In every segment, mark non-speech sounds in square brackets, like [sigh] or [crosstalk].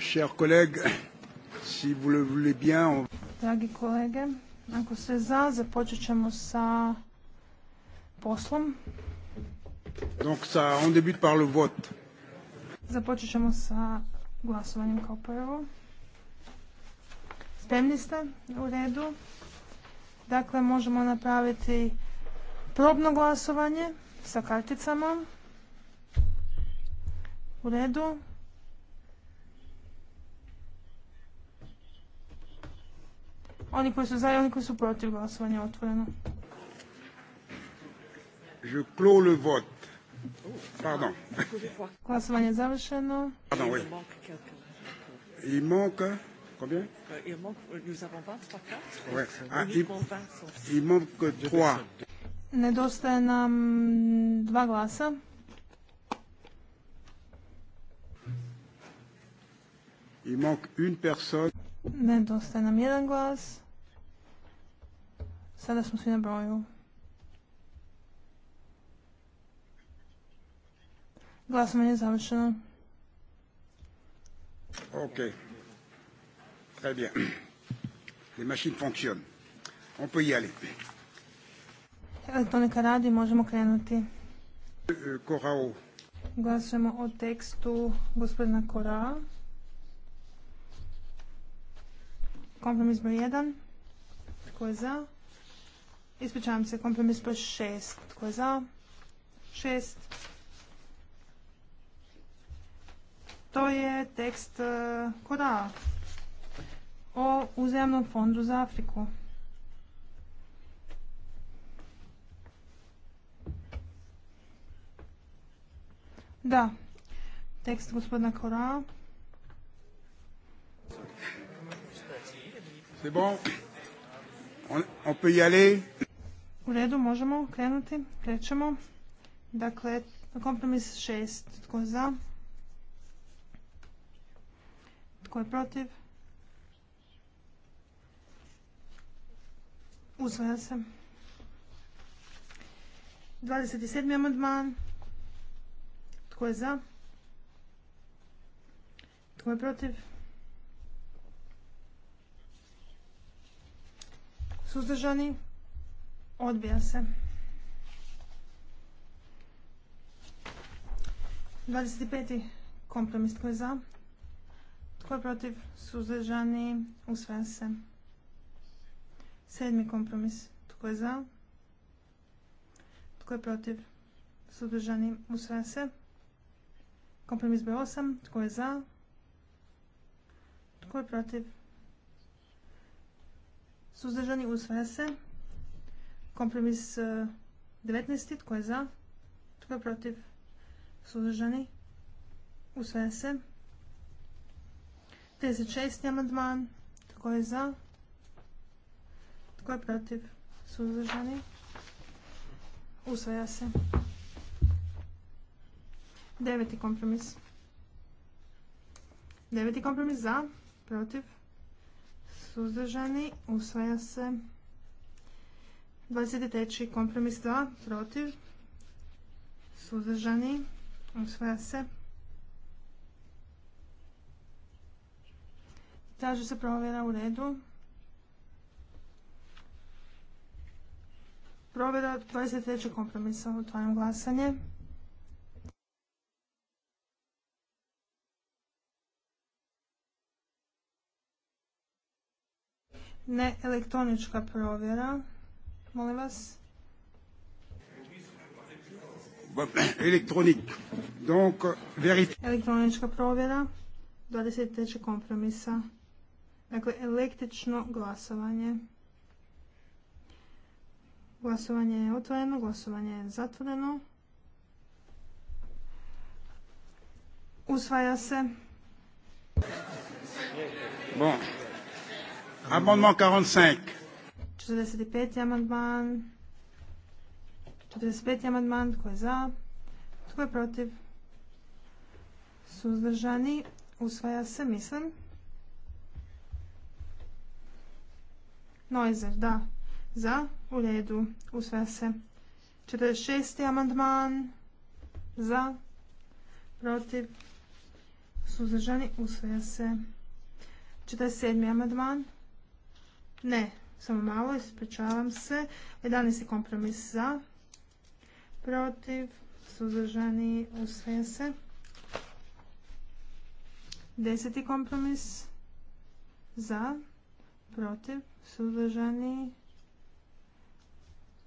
Chers Dragi kolege, ako se za, započet ćemo sa poslom. Donc par le vote. Započet ćemo sa glasovanjem kao prvo. Spremni ste? U redu. Dakle, možemo napraviti probno glasovanje sa karticama. U redu. Oni koji su za i oni koji su protiv glasovanja otvoreno. Je clos le vote. Pardon. Glasovanje je završeno. Pardon, oui. Il manque Il manque, ah, il, Nedostaje nam dva glasa. une personne. Nedostaje nam jedan glas. Sada smo svi na broju. Glasovanje je završeno. Ok. Très bien. Les machines fonctionnent. On peut y aller. Elektronika radi, možemo krenuti. Korao. Euh, Glasujemo o tekstu gospodina Korao. Kompromis broj 1. Tko je za? Ispričavam se, kompromis broj 6. Tko je za? Šest. To je tekst e, koda o uzemnom fondu za Afriku. Da, tekst gospodina Kora. C'est bon on, on peut y aller u redu, možemo krenuti, krećemo. Dakle, kompromis 6. Tko je za? Tko je protiv? Usvaja se. 27. amandman. Tko je za? Tko je protiv? Suzdržani? Odbija se. 25. kompromis tko je za? Tko je protiv? Suzdržani? Usvaja se. Sedmi kompromis. Tko je za? Tko je protiv? Suzdržani? Usvaja se. Kompromis broj 8. Tko je za? Tko je protiv? Suzdržani? Usvaja se. Kompromis 19. E, tko je za? Tko je protiv? Suzdržani? Usvaja se. 36. amandman. Tko je za? Tko je protiv? Suzdržani? Usvaja se. Deveti kompromis. Deveti kompromis za, protiv, suzdržani, usvaja se. 23. kompromis 2 protiv suzdržani usvaja se traži se provjera u redu provjera 23. kompromisa otvaram glasanje ne elektronička provjera molim vas. Elektronik. Donc, Elektronička provjera 23. kompromisa. Dakle, električno glasovanje. Glasovanje je otvoreno, glasovanje je zatvoreno. Usvaja se. Bon. Amendement 45. 45. amandman. 45. amandman. Tko je za? Tko je protiv? Suzdržani. Usvaja se, mislim. Noizer, da. Za. U redu. Usvaja se. 46. amandman. Za. Protiv. Suzdržani. Usvaja se. 47. amandman. Ne. Samo malo, ispričavam se. 11. kompromis za. Protiv. Suzdržani usvaja se. 10. kompromis za. Protiv. Suzdržani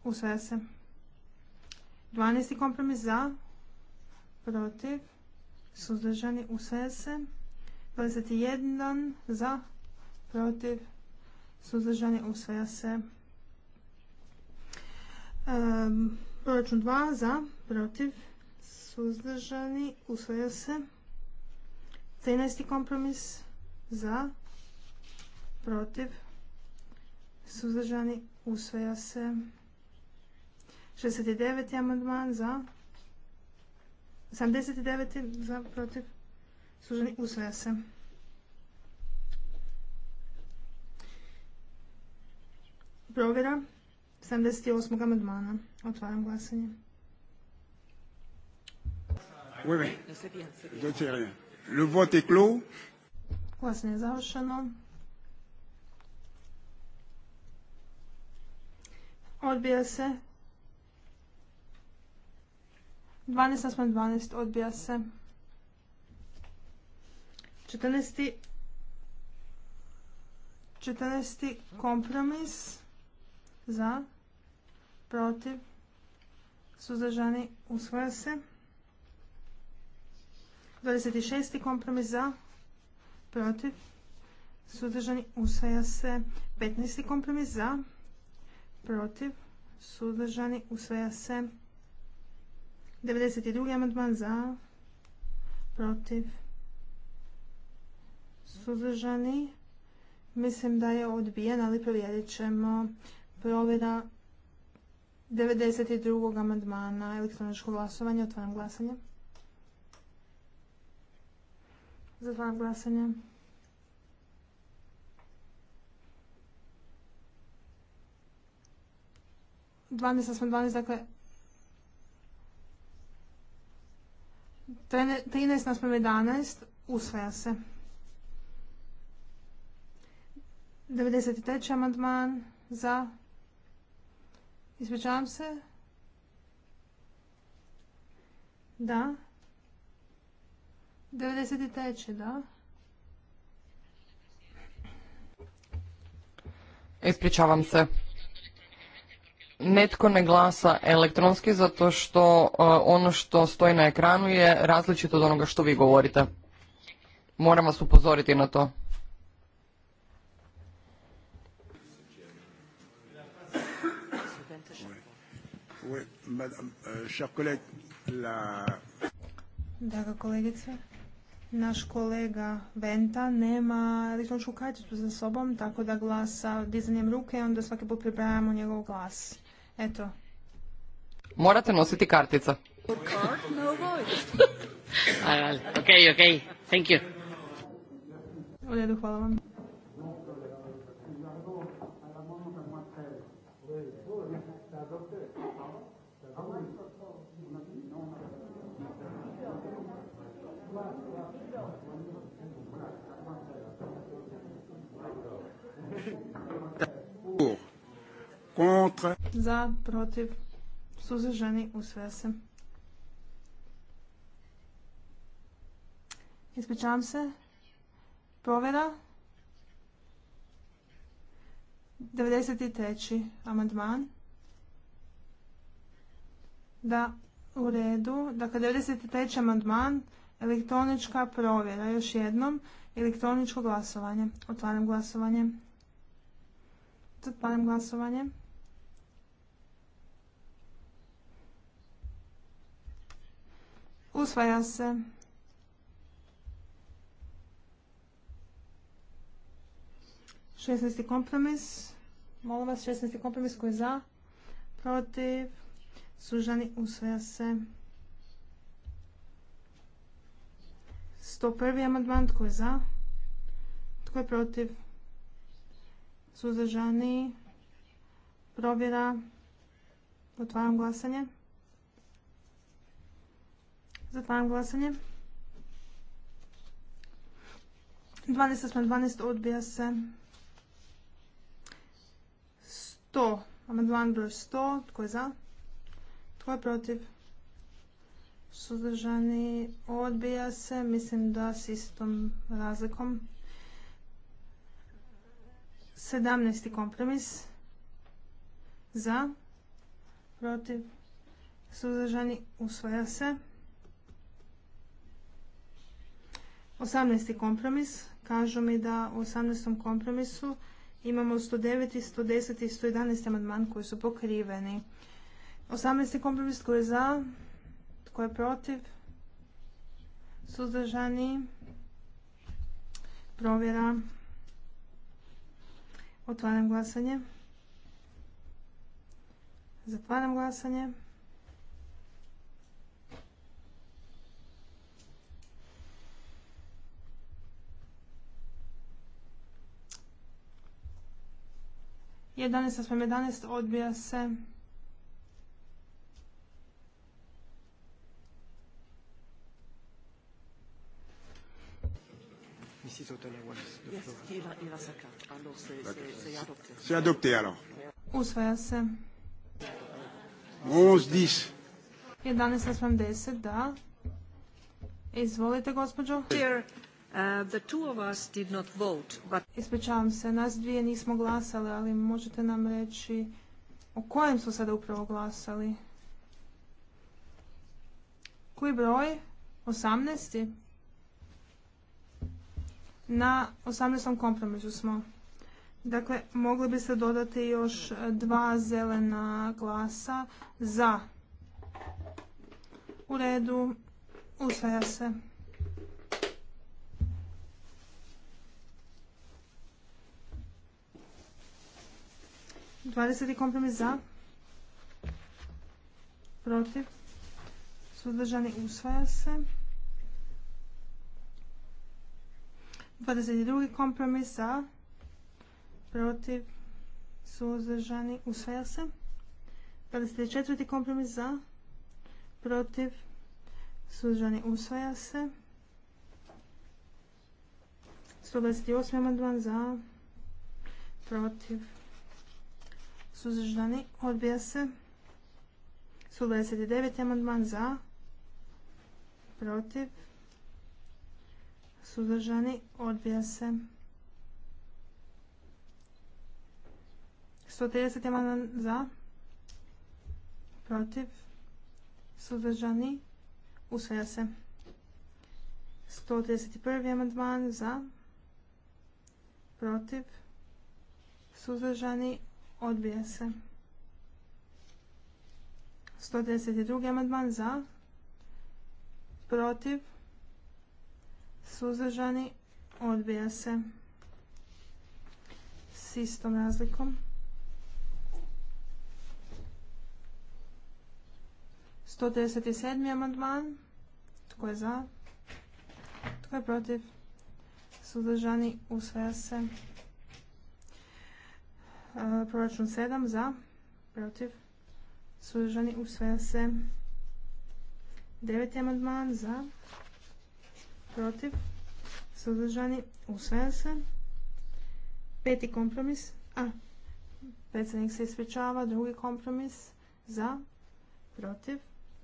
usvaja se. 12. kompromis za. Protiv. Suzdržani usvaja se. 21 za. Protiv suzdržani, usvaja se. proračun 2 za, protiv, suzdržani, usvaja se. 13. kompromis za, protiv, suzdržani, usvaja se. 69. amandman za, 79. za, protiv, suzdržani, usvaja se. Provjera 78. amandmana. Otvaram glasanje. Glasanje je završeno. Odbija se. 12 odbija se. 14. 14. kompromis za, protiv, suzdržani, usvaja se. 26. kompromis za, protiv, suzdržani, usvaja se. 15. kompromis za, protiv, suzdržani, usvaja se. 92. amandman za, protiv, suzdržani, Mislim da je odbijen, ali provjerit ćemo provjera 92. amandmana elektroničko glasovanje, otvaram glasanje. Zatvaram glasanje. 12. smo dvanest, dakle 13 naspram 11 usvaja se. 93. amandman za Ispričavam se. Da. 93. da. Ispričavam se. Netko ne glasa elektronski zato što e, ono što stoji na ekranu je različito od onoga što vi govorite. Moram vas upozoriti na to. Euh, Draga kolegice, naš kolega Venta nema elektroničku karticu za sobom, tako da glasa dizanjem ruke i onda svaki put pribrajamo njegov glas. Eto. Morate nositi kartica. [laughs] ok, ok, thank you. U redu, hvala vam. Za, protiv, suzdržani, usvaja se. Ispričavam se. Provjera. 93. amandman. Da, u redu. Dakle, 93. amandman, elektronička provjera. Još jednom, elektroničko glasovanje. Otvaram glasovanje. otvaram glasovanje. Usvaja se. Šestnesti kompromis. Molim vas, šestnesti kompromis koji je za, protiv, sužani, usvaja se. 101. amandman, tko je za? Tko je protiv? Suzdržani? Provjera? Otvaram glasanje. Zatvaram glasanje. 12 na 12 odbija se. 100. Amandman broj 100. Tko je za? Tko je protiv? Suzdržani odbija se. Mislim da s istom razlikom. 17. kompromis. Za. Protiv. Suzdržani usvaja se. 18. kompromis. Kažu mi da u 18. kompromisu imamo 109, 110 i 111 amandman koji su pokriveni. 18. kompromis tko je za, tko je protiv, suzdržani, provjera, otvaram glasanje, zatvaram glasanje. Jedanaest, osam, jedanaest, odbija se. C'est adopté alors. Usvaja se. 11, 10. da. Izvolite, gospođo. Ispričavam se, nas dvije nismo glasali, ali možete nam reći o kojem su sada upravo glasali? Koji broj? 18. Na 18. kompromisu smo. Dakle, mogli bi se dodati još dva zelena glasa za. U redu, usvaja se. Dvadeseti kompromis za. Protiv. Sudržani usvaja se. 22. kompromis za, protiv, suzdržani, usvaja se. 24. kompromis za, protiv, suzdržani, usvaja se. 128. amandman za, protiv, suzdržani, odbija se. 129. amandman za, protiv, suzdržani, odbija se. 130 amandman za, protiv, suzdržani, usvaja se. 131. amandman za, protiv, suzdržani, odbija se. 132. amandman za, protiv, suzdržani, odbija se s istom razlikom. 137. amandman. Tko je za? Tko je protiv? Suzdržani usvaja se. E, proračun 7. Za? Protiv? Suzdržani usvaja se. 9. amandman. Za? protiv, suzdržani, usvaja se. Peti kompromis, a predsjednik se ispričava, drugi kompromis, za, protiv,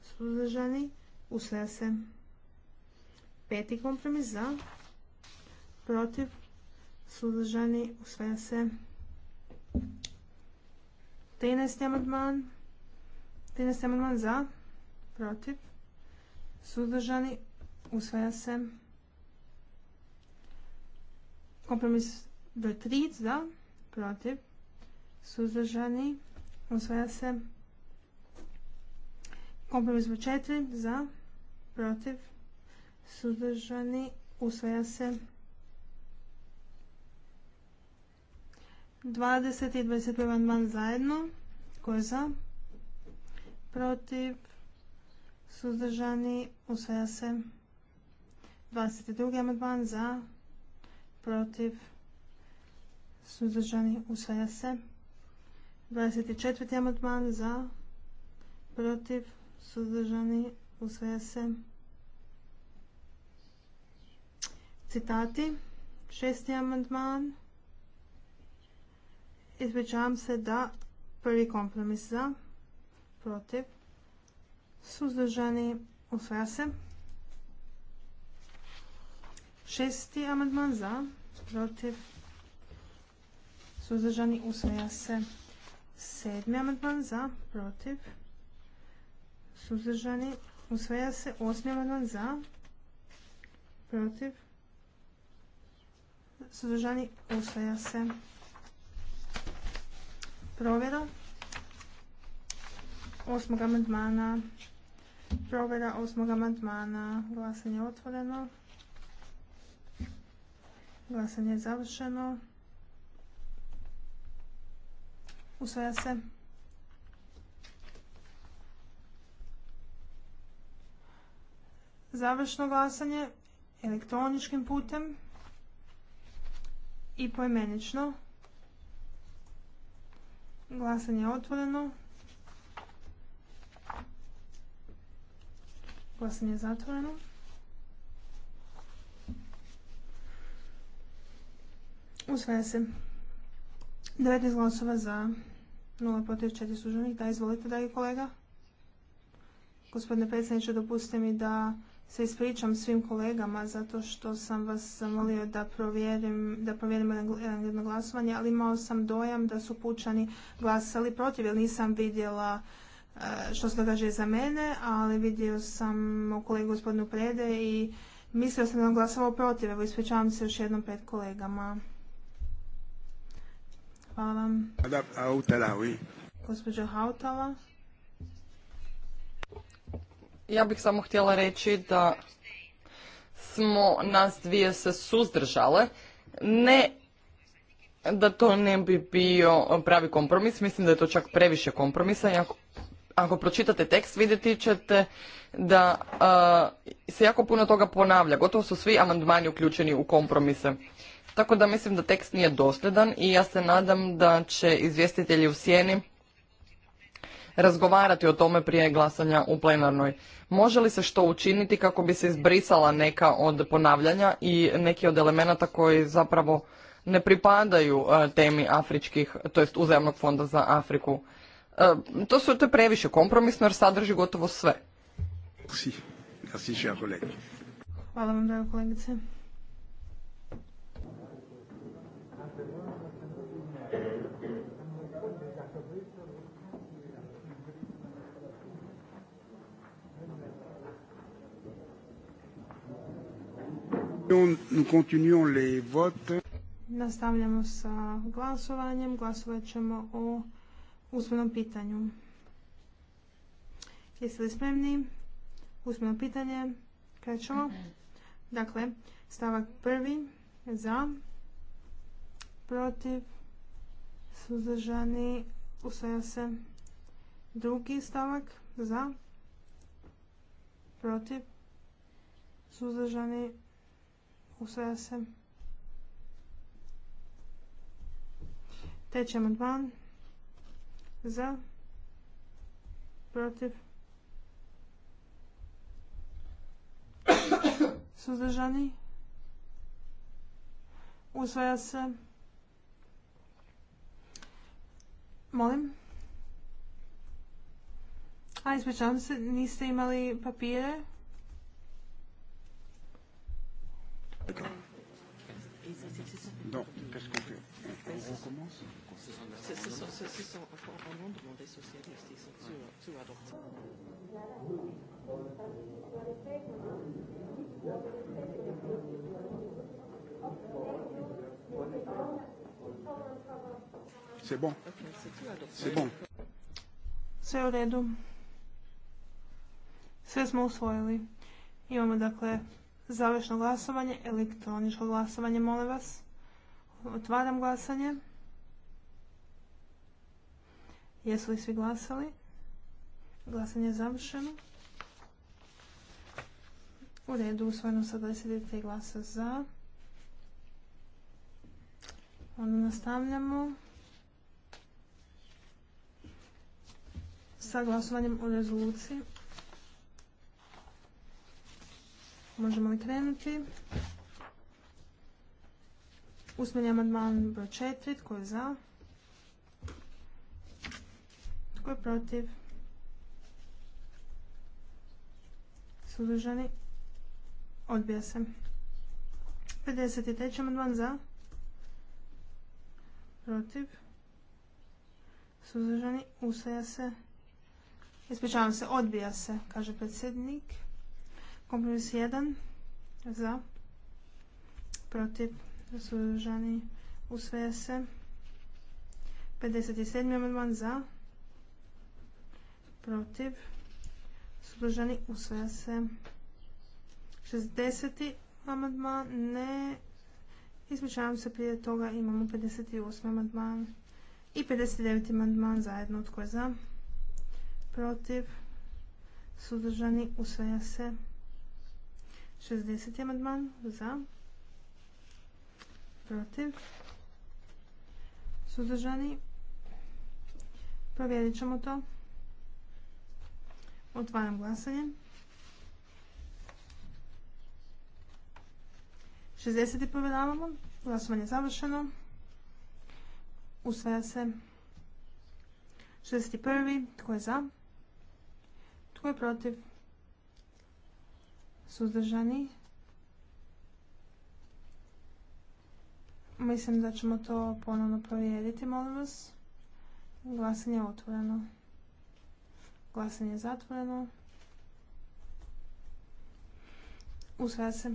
suzdržani, usvaja se. Peti kompromis, za, protiv, suzdržani, usvaja se. 13. amandman, 13. amandman za, protiv, suzdržani, Usvaja se. Kompromis broj 3 za, protiv, suzdržani. Usvaja se. Kompromis broj 4 za, protiv, suzdržani. Usvaja se. 20 i 21 man zajedno. ko je za? Protiv? Suzdržani? Usvaja se. 22. amandman za, protiv, suzdržani, usvaja se. 24. amandman za, protiv, suzdržani, usvaja se. Citati, šesti amandman, izvećavam se da prvi kompromis za, protiv, suzdržani, usvaja se. Šesti amandman za, protiv, suzdržani, usvaja se. Sedmi amandman za, protiv, suzdržani, usvaja se. Osmi amandman za, protiv, suzdržani, usvaja se. Provjera osmog amandmana. Provjera osmog amandmana. Glasanje je otvoreno. Glasanje je završeno. Usvaja se. Završno glasanje elektroničkim putem i poimenično. Glasanje je otvoreno. Glasanje je zatvoreno. Usvaja se. 19 glasova za, 0 protiv 4 suženih. Da, izvolite, dragi kolega. Gospodine predsjedniče, dopustite mi da se ispričam svim kolegama zato što sam vas zamolio da provjerim, da jedno glasovanje, ali imao sam dojam da su pučani glasali protiv, jer nisam vidjela eh, što se događa za mene, ali vidio sam o kolegu gospodinu Prede i mislio sam da on glasovao protiv. Evo, ispričavam se još jednom pred kolegama. Hvala Ja bih samo htjela reći da smo nas dvije se suzdržale. Ne da to ne bi bio pravi kompromis, mislim da je to čak previše kompromisa. Ako, ako pročitate tekst vidjeti ćete da se jako puno toga ponavlja. Gotovo su svi amandmani uključeni u kompromise. Tako da mislim da tekst nije dosljedan i ja se nadam da će izvjestitelji u sjeni razgovarati o tome prije glasanja u plenarnoj. Može li se što učiniti kako bi se izbrisala neka od ponavljanja i neki od elemenata koji zapravo ne pripadaju e, temi afričkih, to jest uzajamnog fonda za Afriku? E, to su te previše kompromisno jer sadrži gotovo sve. Hvala vam, kolegice. Nastavljamo sa glasovanjem. Glasovat ćemo o usmenom pitanju. Jeste li spremni? Usmeno pitanje. Krećemo. Dakle, stavak prvi za, protiv, suzdržani, usvaja se. Drugi stavak za, protiv, suzdržani, Usvaja se. Treći amandman. Za. Protiv. Suzdržani. Usvaja se. Molim. A, ispričavam se, niste imali papire. Sve u redu. Sve smo usvojili. Imamo dakle Završno glasovanje, elektroničko glasovanje, molim vas. Otvaram glasanje. Jesu li svi glasali? Glasanje je završeno. U redu, usvojeno sa 23 glasa za. Onda nastavljamo sa glasovanjem o rezoluciji. Možemo li krenuti? Usmeni amandman broj četiri Tko je za? Tko je protiv? Suzdržani? Odbija se. 53. amandman za? Protiv? Suzdržani? usaja se. Ispričavam se, odbija se, kaže predsjednik. Kompromis 1 za, protiv, suzdržani, usvaja se. 57. amandman za, protiv, suzdržani, usvaja se. 60. amandman ne, ispričavam se prije toga imamo 58. amandman i 59. amandman zajedno tko je za, protiv, suzdržani, usvaja se. 60. amandman za, protiv, suzdržani. Provjerit ćemo to. Otvaram glasanje. 60. provjeravamo. Glasovanje je završeno. Usvaja se. 61. Tko je za? Tko je protiv? suzdržani. Mislim da ćemo to ponovno provjeriti, molim vas. Glasanje je otvoreno. Glasanje je zatvoreno. Usvaja se.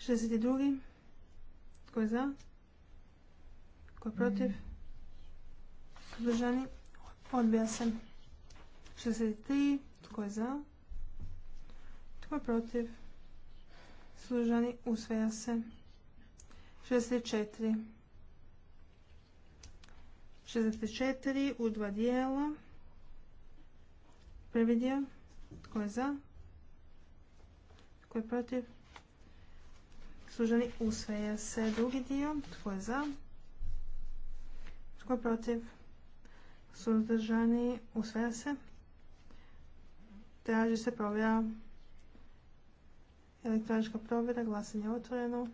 62. Tko je za? Tko je protiv? Mhm. Suzdržani. Odbija se. 63. Tko je za? Tko je protiv? Služani usvaja se. 64. 64 u dva dijela. Prvi dio. Tko je za? Tko je protiv? Služani usvaja se. Drugi dio. Tko je za? Tko je protiv? Suzdržani usveja se. Traži se provjera. Elektronička provjera. Glasanje je otvoreno.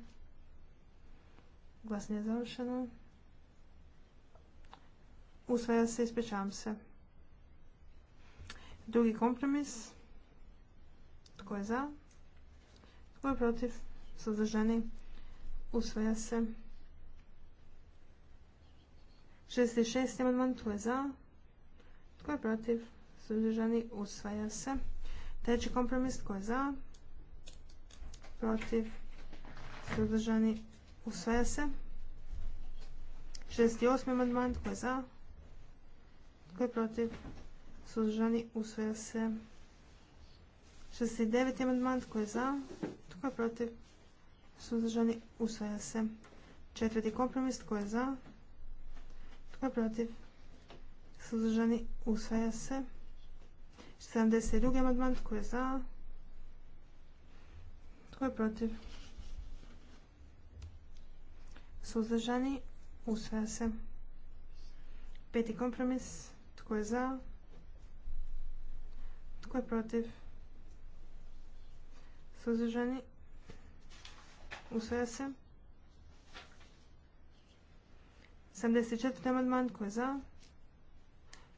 Glasanje je završeno. Usvaja se, ispričavam se. Drugi kompromis. Tko je za? Tko je protiv? Suzdržani. Usvaja se. 66. amandman. Tko je za? Tko je protiv? suzdržani, usvaja se. Treći kompromis, tko je za? Protiv, suzdržani, usvaja se. 68. amandman, tko je za? Tko je protiv? Suzdržani, usvaja se. 69. amandman, tko je za? Tko je protiv? Suzdržani, usvaja se. Četvrti kompromis, tko je za? Tko je protiv? Suzdržani, usvaja se. 72. amandman, tko je za? Tko je protiv? Suzdržani, usvaja se. Peti kompromis, tko je za? Tko je protiv? Suzdržani, usvaja se. 74. amandman, tko je za?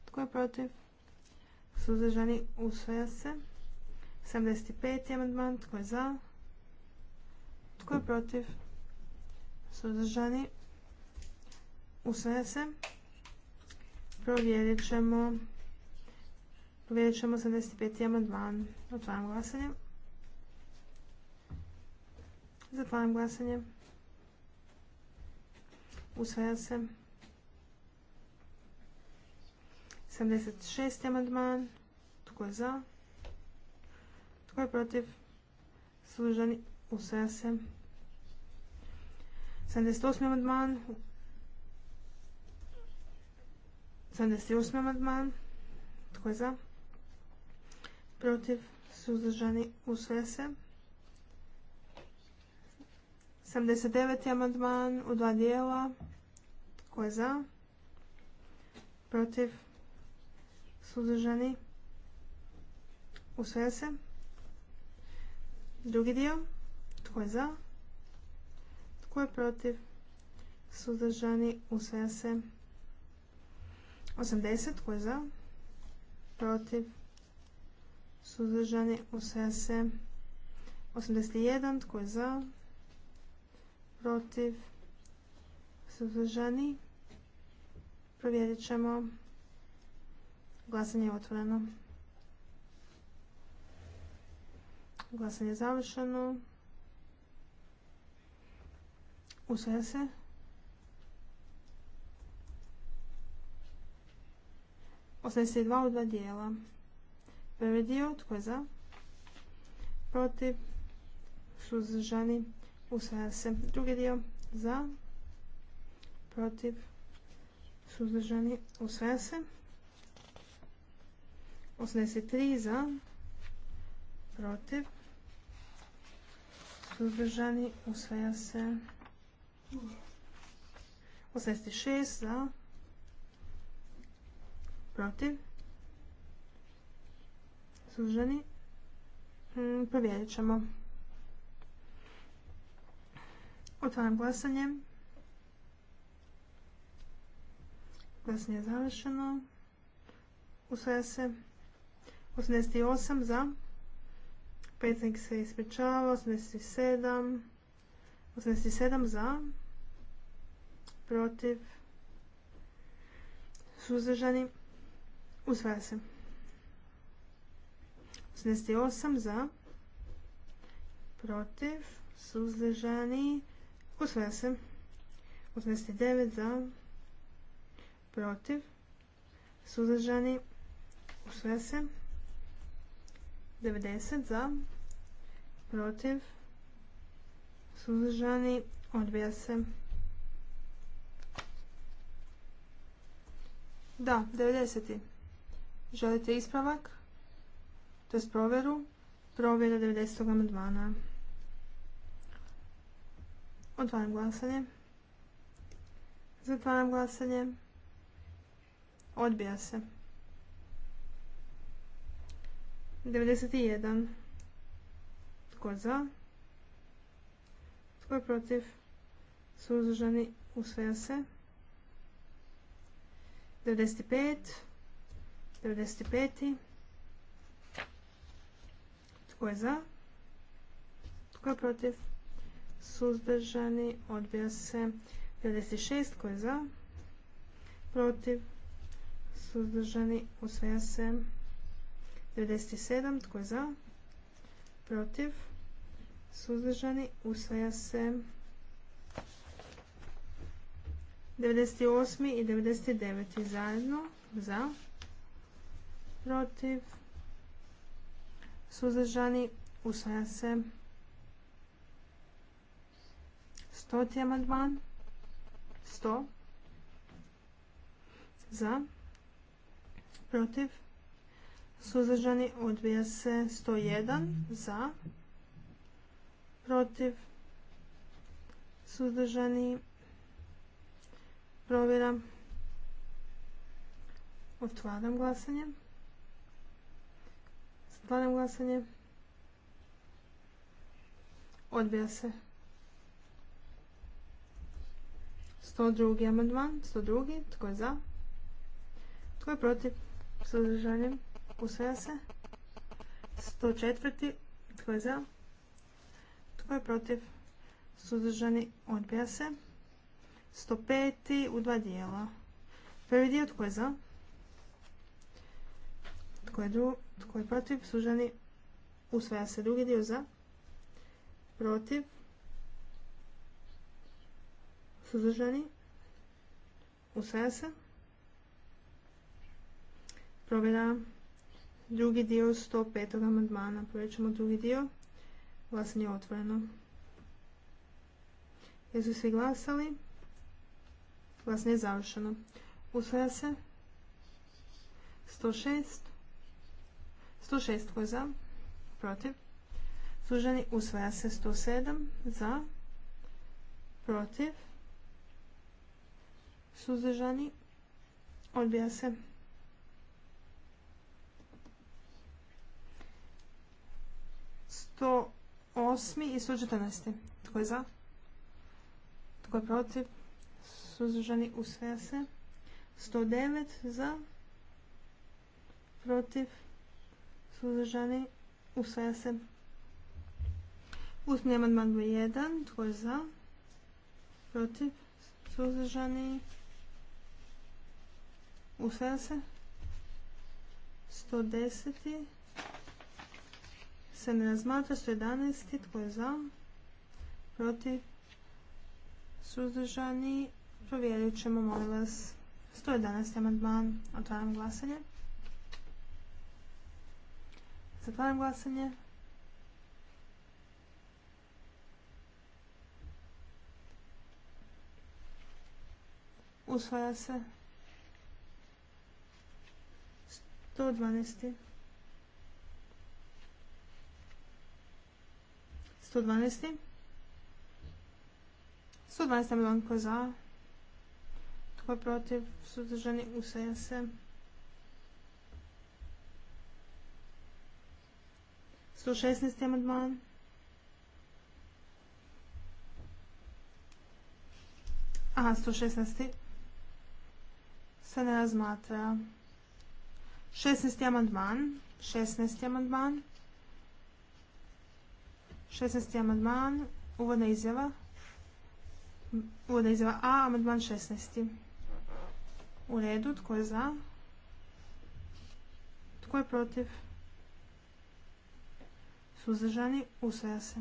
Tko je protiv? suzdržani, usvaja se. 75. amandman, tko je za? Tko je protiv? Suzdržani, usvaja se. Provjerit ćemo. Provjerit ćemo 75. amandman. Otvaram glasanje. Zatvaram glasanje. Usvaja se. 76. amandman. Tko je za? Tko je protiv? služani Usvaja 78. amadman 78. amadman Tko je za? Protiv? Suzdržani? Usvaja se. 79. amadman u dva dijela. Tko je za? Protiv? Suzdržani? Usvaja se. Drugi dio. Tko je za? Tko je protiv? Suzdržani. Usvaja se. 80. Tko je za? Protiv. Suzdržani. Usvaja se. 81. Tko je za? Protiv. Suzdržani. Provjerit ćemo. Glasanje je otvoreno. Glasanje je završeno. Usvaja se. Ostaje dva u dva dijela. Prvi dio, tko je za? Protiv. Suzdržani. Usvaja se. Drugi dio, za. Protiv. Suzdržani. Usvaja se. 83 za. Protiv suzdržani, usvaja se. 86 za, protiv, suzdržani, mm, provjerit ćemo. Otvaram glasanje. Glasanje je završeno. Usvaja se. 88 za, protiv. Petnik se ispričava, 87, 87 za, protiv, suzdržani, usvaja se. 88 za, protiv, suzdržani, usvaja se. 89 za, protiv, suzdržani, usvaja se. 90 za, protiv, suzdržani, odbija se. Da, 90. Želite ispravak? To je provjeru. Provjera 90. amandmana. Otvaram glasanje. Zatvaram glasanje. Odbija se. 91. Tko za? Tko je protiv? Suzdržani usvaja se. 95. 95. Tko je za? Tko je protiv? Suzdržani odbija se. 96. Tko je za? Protiv? Suzdržani usvaja se. 97. Tko je za? Protiv? Suzdržani? Usvaja se. 98. i 99. zajedno. Za? Protiv? Suzdržani? Usvaja se. 100. amandman. 100. Za? Protiv? suzdržani, odbija se 101 za, protiv, suzdržani, provjeram, otvaram glasanje, zatvaram glasanje, odbija se 102. amandman, 102. tko je za, tko je protiv, suzdržanjem, Usvaja se. 104. Tko je za? Tko je protiv? Suzdržani odbija se. 105. u dva dijela. Prvi dio tko je za? Tko je, protiv? Suzdržani usvaja se. Drugi dio za? Protiv? Suzdržani usvaja se. Provjera drugi dio 105. amandmana. Povećamo drugi dio. Glasanje je otvoreno. Jesu svi glasali? Glasanje je završeno. Usvaja se. 106. 106 tko je za? Protiv. Suženi usvaja se 107 za. Protiv. Suzdržani odbija se 108. i 114. Tko je za? Tko je protiv? Suzdržani usvaja se. 109 za. Protiv. Suzdržani usvaja se. Usmni amandman broj 1. Tko je za? Protiv. Suzdržani. Usvaja se. 110 se ne razmatra 111. Tko je za? Protiv? Suzdržani? Provjerit ćemo, molim vas. 111. amandman. Otvaram glasanje. Zatvaram glasanje. Usvaja se. 112. 112. 112 amandman za? Tko je protiv? Suzdržani usaja se. 116. amandman. Aha, 116. Se ne razmatra. 16. amandman. 16. amandman. 16. amandman, uvodna izjava. Uvodna izjava A, amandman 16. U redu, tko je za? Tko je protiv? Suzdržani, usvaja se.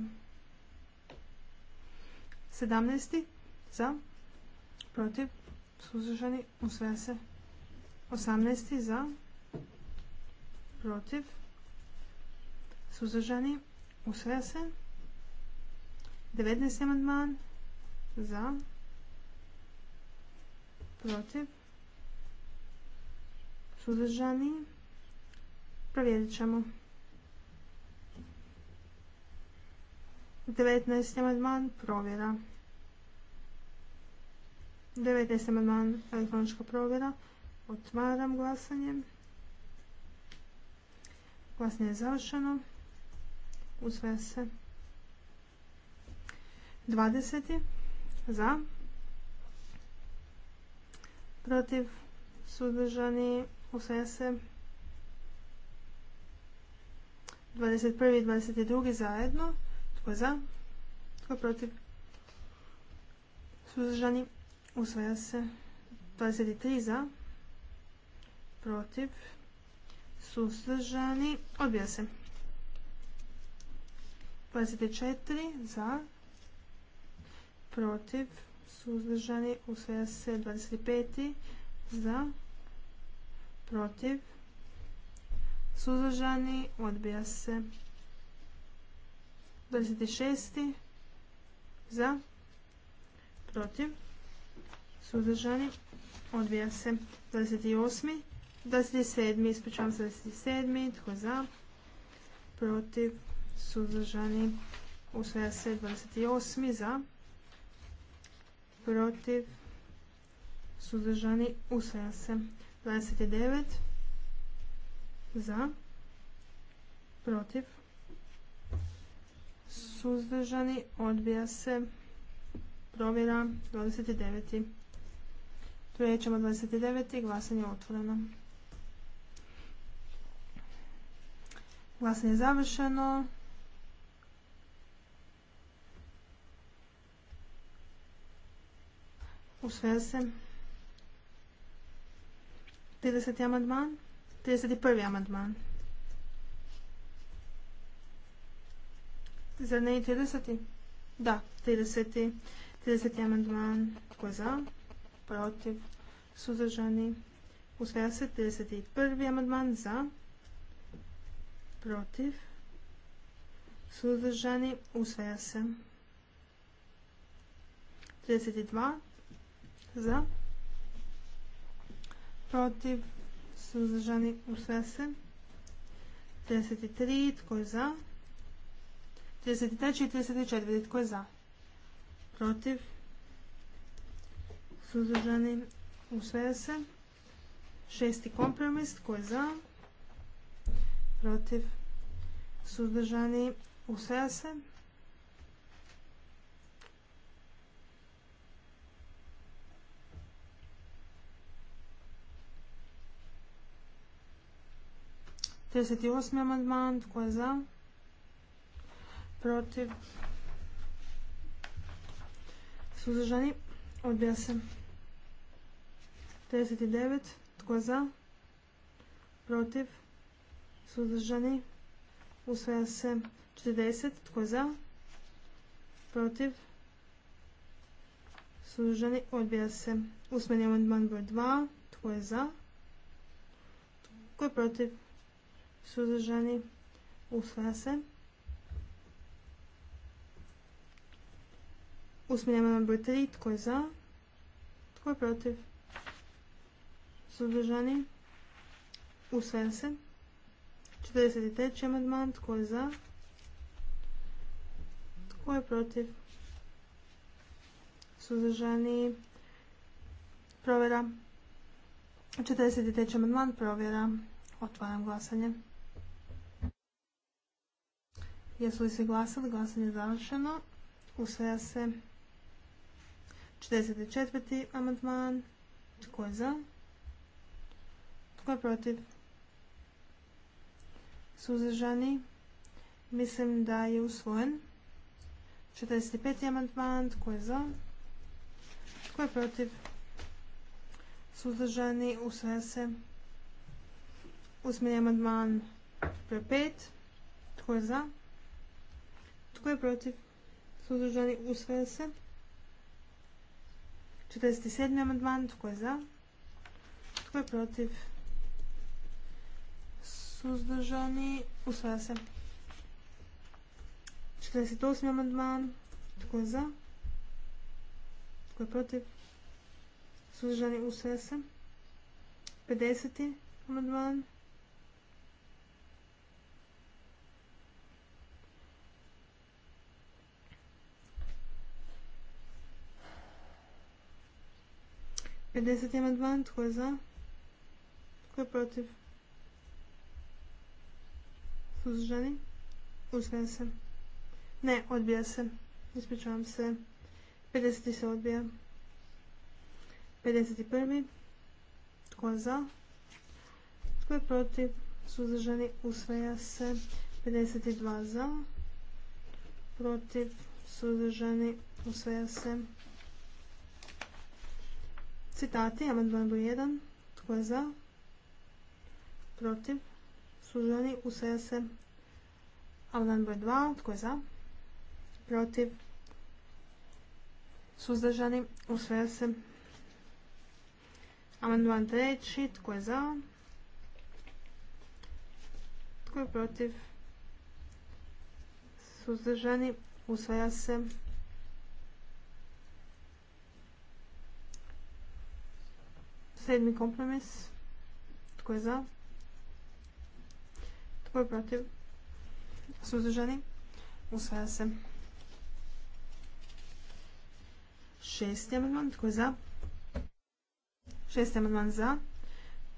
17. za, protiv, suzdržani, usvaja se. 18. za, protiv, suzdržani, Usvaja se. 19. amandman. Za. Protiv. Suzdržani. Provjerit ćemo. 19. amandman. Provjera. 19. amandman. Elektronička provjera. Otvaram glasanje. Glasanje je završeno. Usvaja se. 20. Za. Protiv. Sudržani. Usvaja se. 21. i 22. zajedno. Tko je za? Tko je protiv? Suzdržani. Usvaja se. 23 za. Protiv. Suzdržani. Odbija se. 24 za, protiv, suzdržani, usvaja se 25 za, protiv, suzdržani, odbija se 26 za, protiv, suzdržani, odbija se 28 27. ispričavam se 27. Tko za? Protiv? suzdržani, usvaja se 28. za, protiv, suzdržani, usvaja se 29. za, protiv, suzdržani, odbija se, provjera 29. Prijećemo 29. glasanje je otvoreno. Glasanje je završeno. U svese 30. amandman. 31. amandman. Zar ne i 30? Da, 30. 30. amandman. Tko je za? Protiv. Suzdržani. U svese 31. amandman za. Protiv. Suzdržani. U svese 32 za, protiv, suzdržani, u se. 33, tko je za? 33 i 34, tko je za? Protiv, suzdržani, u se. Šesti kompromis, tko je za? Protiv, suzdržani, u se. 38. amandman, tko je za? Protiv? Suzdržani? Odbija se. 39. Tko je za? Protiv? Suzdržani? Usvaja se. 40. Tko je za? Protiv? Suzdržani? Odbija se. Usmeni amandman broj 2. Tko je za? Tko je protiv? suzdržani, usvaja se. Usmjerimo na broj 3, tko je za, tko je protiv, suzdržani, usvaja se. 43. amandman, tko je za, tko je protiv, suzdržani, provjera. 43. amandman, provjera. Otvaram glasanje. Jesu li se glasali? Glasanje je završeno. Usvaja se 44. amandman. Tko je za? Tko je protiv? Suzdržani? Mislim da je usvojen. 45. amandman. Tko je za? Tko je protiv? Suzdržani? Usvaja se. usmeni amandman broj za? Tko je za? Tko je protiv? Suzdržani usvaja se. 47. amandman. Tko je za? Tko je protiv? Suzdržani usvaja se. 48. amandman. Tko je za? Tko je protiv? Suzdržani usvaja se. 50. amandman. 50. amandman, tko je za? Tko je protiv? Suzdržani? Usvaja se. Ne, odbija se. Ispričavam se. 50. se odbija. 51. Tko je za? Tko je protiv? Suzdržani? Usvaja se. 52 za. Protiv? Suzdržani? Usvaja se. Citati, amandman broj 1. Tko je za? Protiv? Suzdržani? Usvaja se. Amandman broj 2. Tko je za? Protiv? Suzdržani? Usvaja se. Amandman treći. Tko je za? Tko je protiv? Suzdržani? Usvaja se. Sedmi kompromis. Tko je za? Tko je protiv? Suzdržani? Usvaja se. Šesti amandman. Tko je za? Šesti amandman za.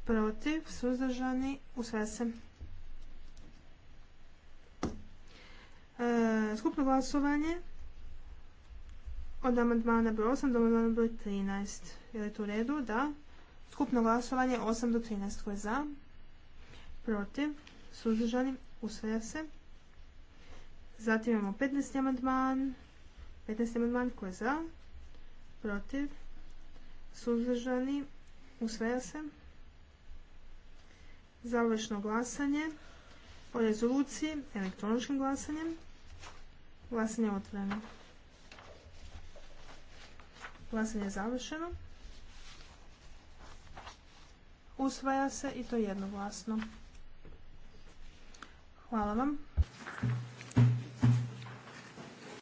Protiv. Suzdržani? Usvaja se. E, skupno glasovanje od amandmana broj 8 do amandmana broj 13. Je li to u redu? Da. Skupno glasovanje 8 do 13. Tko je za? Protiv? Suzdržani? Usvaja se. Zatim imamo 15. amandman. 15. amandman tko je za? Protiv? Suzdržani? Usvaja se. Završno glasanje o rezoluciji elektroničkim glasanjem. Glasanje je otvoreno. Glasanje je završeno. Usvaja se i to jednoglasno. Hvala vam.